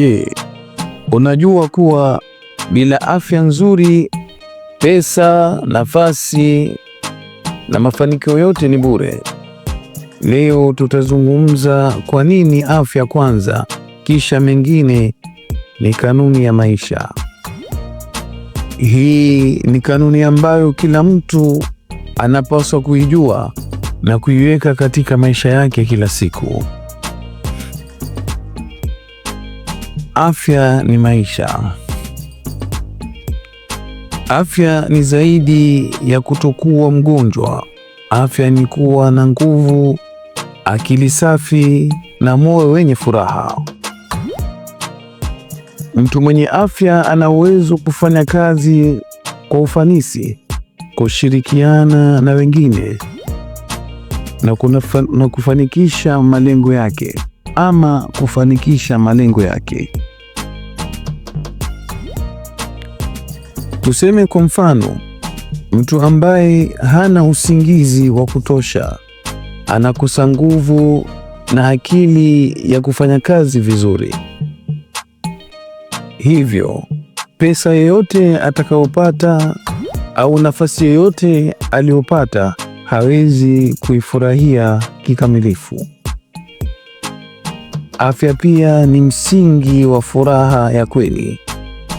Je, unajua kuwa bila afya nzuri pesa, nafasi na mafanikio yote ni bure? Leo tutazungumza kwa nini afya kwanza kisha mengine ni kanuni ya maisha. Hii ni kanuni ambayo kila mtu anapaswa kuijua na kuiweka katika maisha yake kila siku. Afya ni maisha. Afya ni zaidi ya kutokuwa mgonjwa. Afya ni kuwa na nguvu, akili safi na moyo wenye furaha. Mtu mwenye afya ana uwezo kufanya kazi kwa ufanisi, kushirikiana na wengine na, na kufanikisha malengo yake ama kufanikisha malengo yake. Tuseme kwa mfano, mtu ambaye hana usingizi wa kutosha anakosa nguvu na akili ya kufanya kazi vizuri. Hivyo pesa yoyote atakayopata au nafasi yoyote aliyopata hawezi kuifurahia kikamilifu. Afya pia ni msingi wa furaha ya kweli.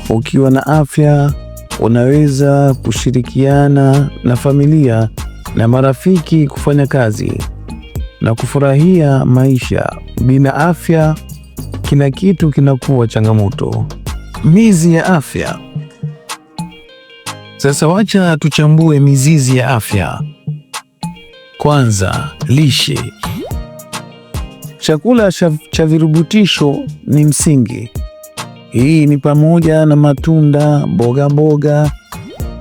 Ukiwa na afya unaweza kushirikiana na familia na marafiki kufanya kazi na kufurahia maisha. Bila afya, kila kitu kinakuwa changamoto. Mizizi ya afya. Sasa wacha tuchambue mizizi ya afya. Kwanza, lishe. Chakula cha virubutisho ni msingi hii ni pamoja na matunda, mboga mboga,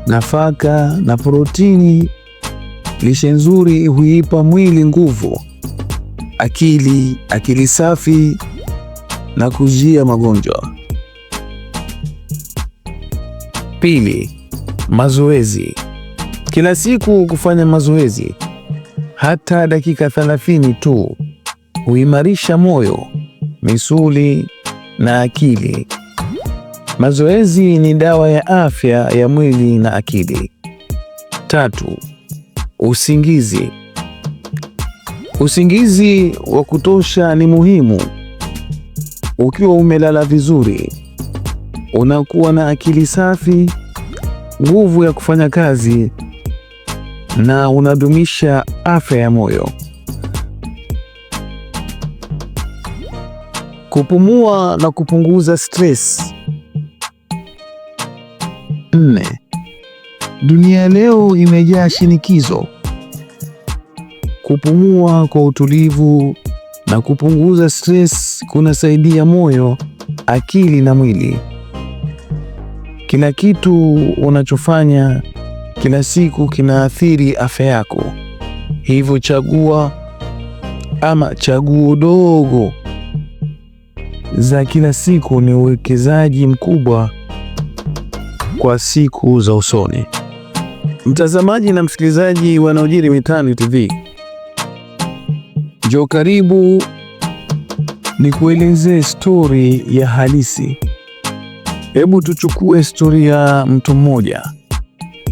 nafaka na protini. Lishe nzuri huipa mwili nguvu, akili, akili safi na kuzuia magonjwa. Pili, mazoezi. Kila siku kufanya mazoezi hata dakika 30 tu huimarisha moyo, misuli na akili. Mazoezi ni dawa ya afya ya mwili na akili. Tatu, usingizi. Usingizi wa kutosha ni muhimu. Ukiwa umelala vizuri, unakuwa na akili safi, nguvu ya kufanya kazi na unadumisha afya ya moyo. Kupumua na kupunguza stress. Nne, dunia leo imejaa shinikizo. Kupumua kwa utulivu na kupunguza stress kunasaidia moyo, akili na mwili. Kila kitu unachofanya kila siku kinaathiri afya yako, hivyo chagua ama chaguo dogo za kila siku ni uwekezaji mkubwa kwa siku za usoni. Mtazamaji na msikilizaji wa yanayojiri mitaani TV, njoo karibu ni kueleze stori ya halisi. Hebu tuchukue stori ya mtu mmoja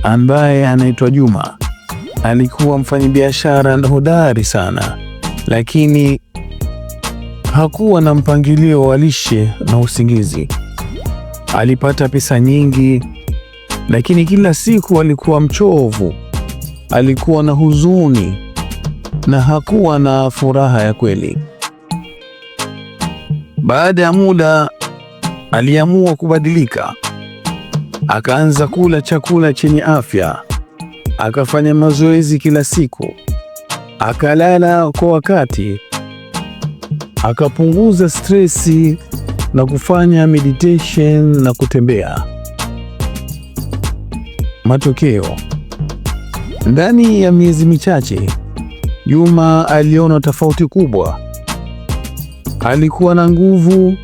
ambaye anaitwa Juma. Alikuwa mfanyabiashara na hodari sana, lakini hakuwa na mpangilio wa lishe na usingizi. Alipata pesa nyingi lakini kila siku alikuwa mchovu, alikuwa na huzuni na hakuwa na furaha ya kweli. Baada ya muda aliamua kubadilika, akaanza kula chakula chenye afya, akafanya mazoezi kila siku, akalala kwa wakati, akapunguza stresi na kufanya meditation na kutembea. Matokeo: ndani ya miezi michache, Juma aliona tofauti kubwa. Alikuwa na nguvu,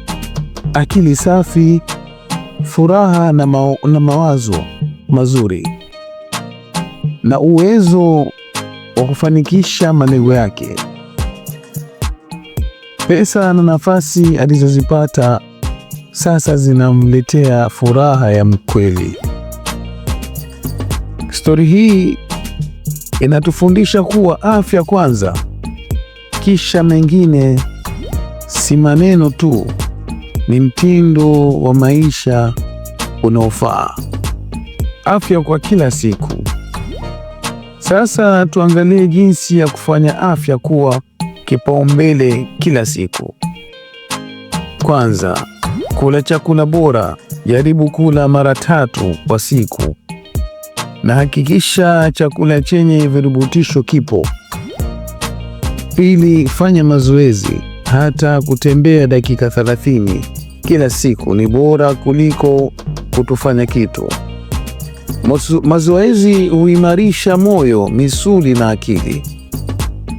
akili safi, furaha na, ma na mawazo mazuri na uwezo wa kufanikisha malengo yake. Pesa na nafasi alizozipata sasa zinamletea furaha ya mkweli. Stori hii inatufundisha kuwa afya kwanza, kisha mengine si maneno tu, ni mtindo wa maisha unaofaa. Afya kwa kila siku. Sasa tuangalie jinsi ya kufanya afya kuwa kipaumbele kila siku. Kwanza, kula chakula bora. Jaribu kula mara tatu kwa siku na hakikisha chakula chenye virutubisho kipo. Pili, fanya mazoezi, hata kutembea dakika 30 kila siku ni bora kuliko kutofanya kitu. Mazoezi huimarisha moyo, misuli na akili.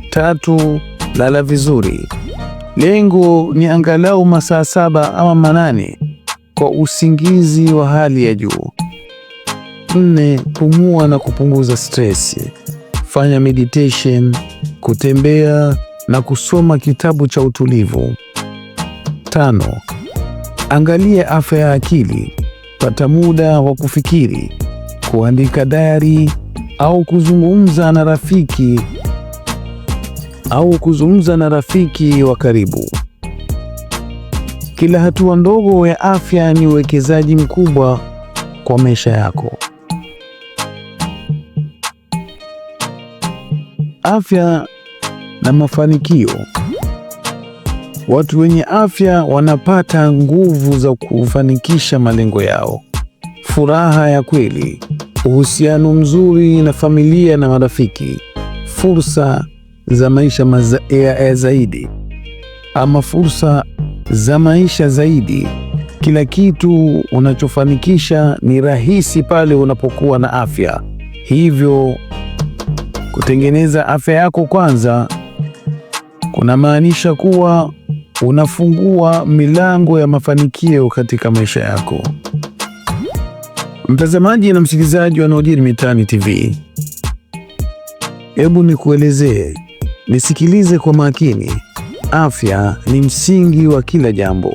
Tatu, lala vizuri. Lengo ni angalau masaa saba ama manane kwa usingizi wa hali ya juu. Nne, pumua na kupunguza stress. Fanya meditation, kutembea na kusoma kitabu cha utulivu. Tano, angalia afya ya akili. Pata muda wa kufikiri, kuandika diary au kuzungumza na rafiki au kuzungumza na rafiki wa karibu. Kila hatua ndogo ya afya ni uwekezaji mkubwa kwa maisha yako. Afya na mafanikio. Watu wenye afya wanapata nguvu za kufanikisha malengo yao, furaha ya kweli, uhusiano mzuri na familia na marafiki, fursa za maisha maza, e, zaidi ama fursa za maisha zaidi. Kila kitu unachofanikisha ni rahisi pale unapokuwa na afya hivyo Kutengeneza afya yako kwanza kunamaanisha kuwa unafungua milango ya mafanikio katika maisha yako. Mtazamaji na msikilizaji wa yanayojiri mitaani TV, hebu nikuelezee, nisikilize kwa makini. Afya ni msingi wa kila jambo.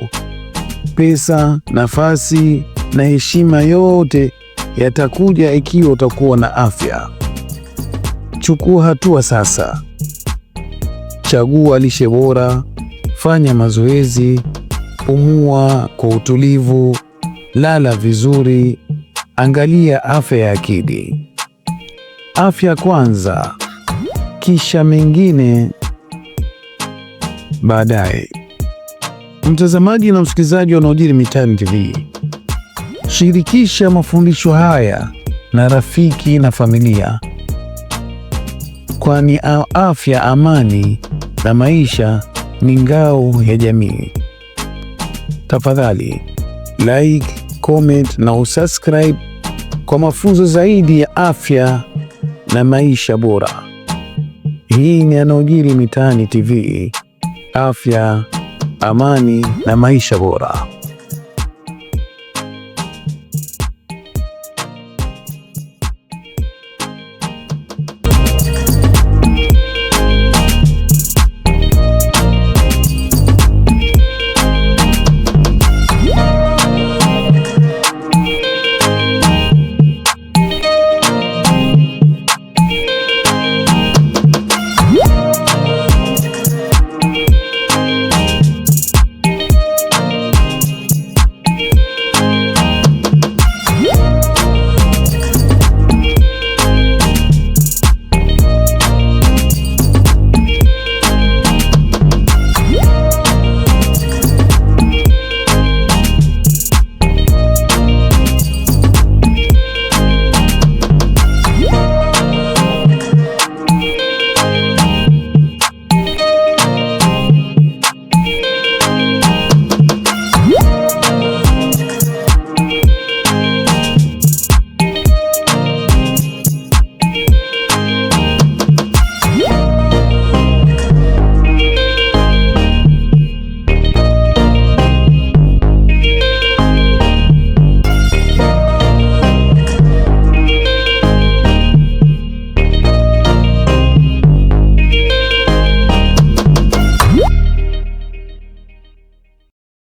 Pesa, nafasi na heshima yote yatakuja ikiwa utakuwa na afya. Chukua hatua sasa. Chagua lishe bora, fanya mazoezi, pumua kwa utulivu, lala vizuri, angalia afya ya akili. Afya kwanza, kisha mengine baadaye. Mtazamaji na msikilizaji yanayojiri mitaani TV, shirikisha mafundisho haya na rafiki na familia kwani afya, amani na maisha ni ngao ya jamii. Tafadhali like, comment na usubscribe kwa mafunzo zaidi ya afya na maisha bora. Hii ni yanayojiri mitaani TV, afya, amani na maisha bora.